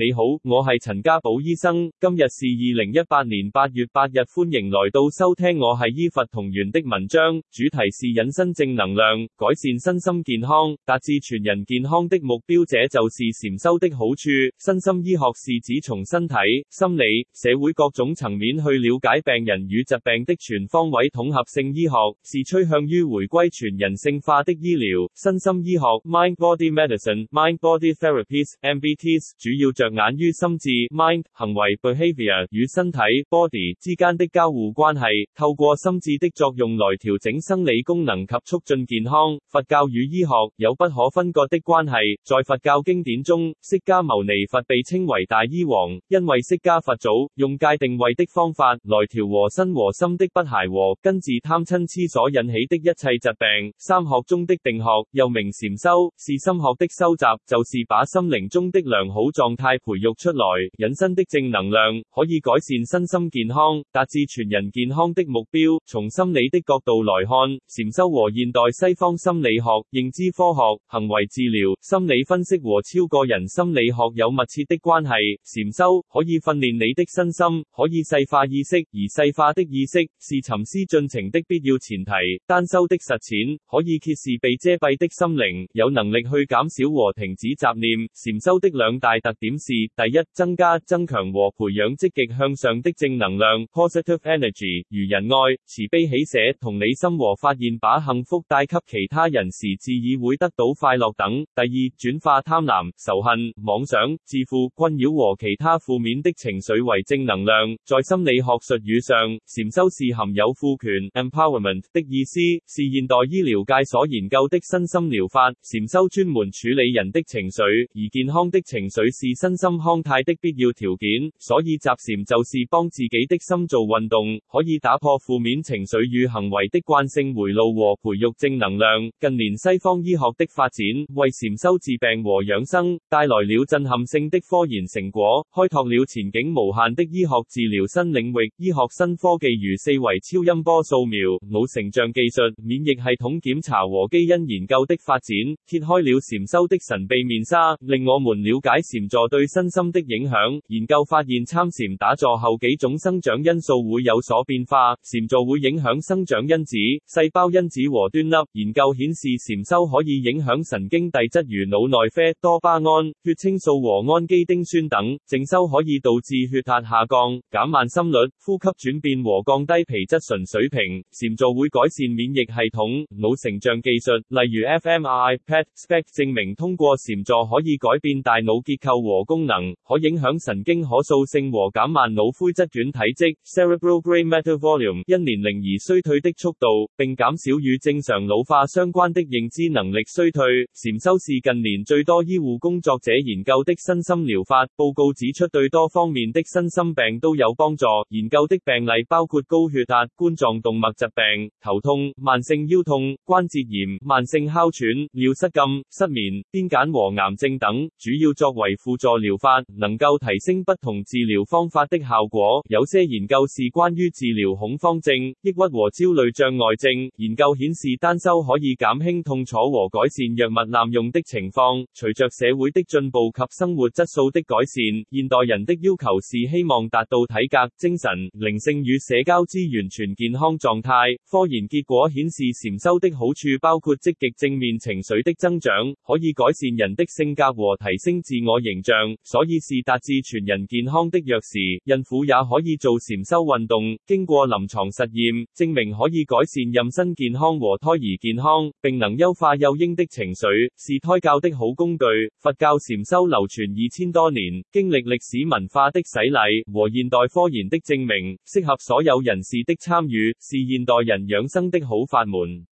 你好，我係陳家寶醫生。今日是二零一八年八月八日，歡迎來到收聽我係醫佛同源的文章。主題是引申正能量，改善身心健康，達至全人健康的目標。這就是禪修的好處。身心醫學是指從身體、心理、社會各種層面去了解病人與疾病的全方位統合性醫學，是趨向於回歸全人性化的醫療。身心醫學 （Mind Body Medicine）、Mind Body Therapies（MBTs） 主要著。眼於心智、mind、行為、behavior 與身體、body 之間的交互關係，透過心智的作用來調整生理功能及促進健康。佛教與醫學有不可分割的關係。在佛教經典中，釋迦牟尼佛被稱為大醫王，因為釋迦佛祖用戒定慧的方法來調和身和心的不和諧，根治貪嗔痴所引起的一切疾病。三學中的定學，又名禪修，是心學的修習，就是把心靈中的良好狀態。培育出來引申的正能量，可以改善身心健康，達至全人健康的目標。從心理的角度來看，禪修和現代西方心理學、認知科學、行為治療、心理分析和超個人心理學有密切的關係。禪修可以訓練你的身心，可以細化意識，而細化的意識是沉思進程的必要前提。單修的實踐可以揭示被遮蔽的心靈，有能力去減少和停止雜念。禪修的兩大特點。是第一，增加、增強和培養積極向上的正能量 （positive energy），如仁愛、慈悲、喜捨、同理心和發願，把幸福帶給其他人時，自己會得到快樂等。第二，轉化貪婪、仇恨、妄想、自負、困擾和其他負面的情緒為正能量。在心理學術語上，禪修是含有賦權 （empowerment） 的意思，是現代醫療界所研究的身心療法。禪修專門處理人的情緒，而健康的情緒是身。身心康泰的必要條件，所以習禪就是幫自己的心做運動，可以打破負面情緒與行為的慣性回路和培育正能量。近年西方醫學的發展，為禪修治病和養生帶來了震撼性的科研成果，開拓了前景無限的醫學治療新領域。醫學新科技如四維超音波掃描、腦成像技術、免疫系統檢查和基因研究的發展，揭開了禪修的神秘面紗，令我們了解禪助對。對身心的影響，研究發現，參禪打坐後幾種生長因素會有所變化，禪坐會影響生長因子、細胞因子和端粒。研究顯示，禪修可以影響神經遞質如腦內啡、多巴胺、血清素和氨基丁酸等；靜修可以導致血壓下降、減慢心率、呼吸轉變和降低皮質醇水平。禪坐會改善免疫系統、腦成像技術，例如 fMRI、PET、SPECT，證明通過禪坐可以改變大腦結構和。功能可影響神經可塑性和減慢腦灰質總體積 （cerebral grey matter volume） 因年齡而衰退的速度，並減少與正常老化相關的認知能力衰退。禪修是近年最多醫護工作者研究的身心療法。報告指出對多方面的身心病都有幫助。研究的病例包括高血壓、冠狀動脈疾病、頭痛、慢性腰痛、關節炎、慢性哮喘、尿失禁、失眠、癲癇和癌症等，主要作為輔助。療法能夠提升不同治療方法的效果。有些研究是關於治療恐慌症、抑鬱和焦慮障礙症。研究顯示禪修可以減輕痛楚和改善藥物濫用的情況。隨着社會的進步及生活質素的改善，現代人的要求是希望達到體格、精神、靈性與社交之完全健康狀態。科研結果顯示禪修的好處包括積極正面情緒的增長，可以改善人的性格和提升自我形象。所以是達至全人健康的鑰匙，孕婦也可以做禪修運動。經過臨床實驗證明，可以改善妊娠健康和胎兒健康，並能優化幼嬰的情緒，是胎教的好工具。佛教禪修流傳二千多年，經歷歷史文化的洗禮和現代科研的證明，適合所有人士的參與，是現代人養生的好法門。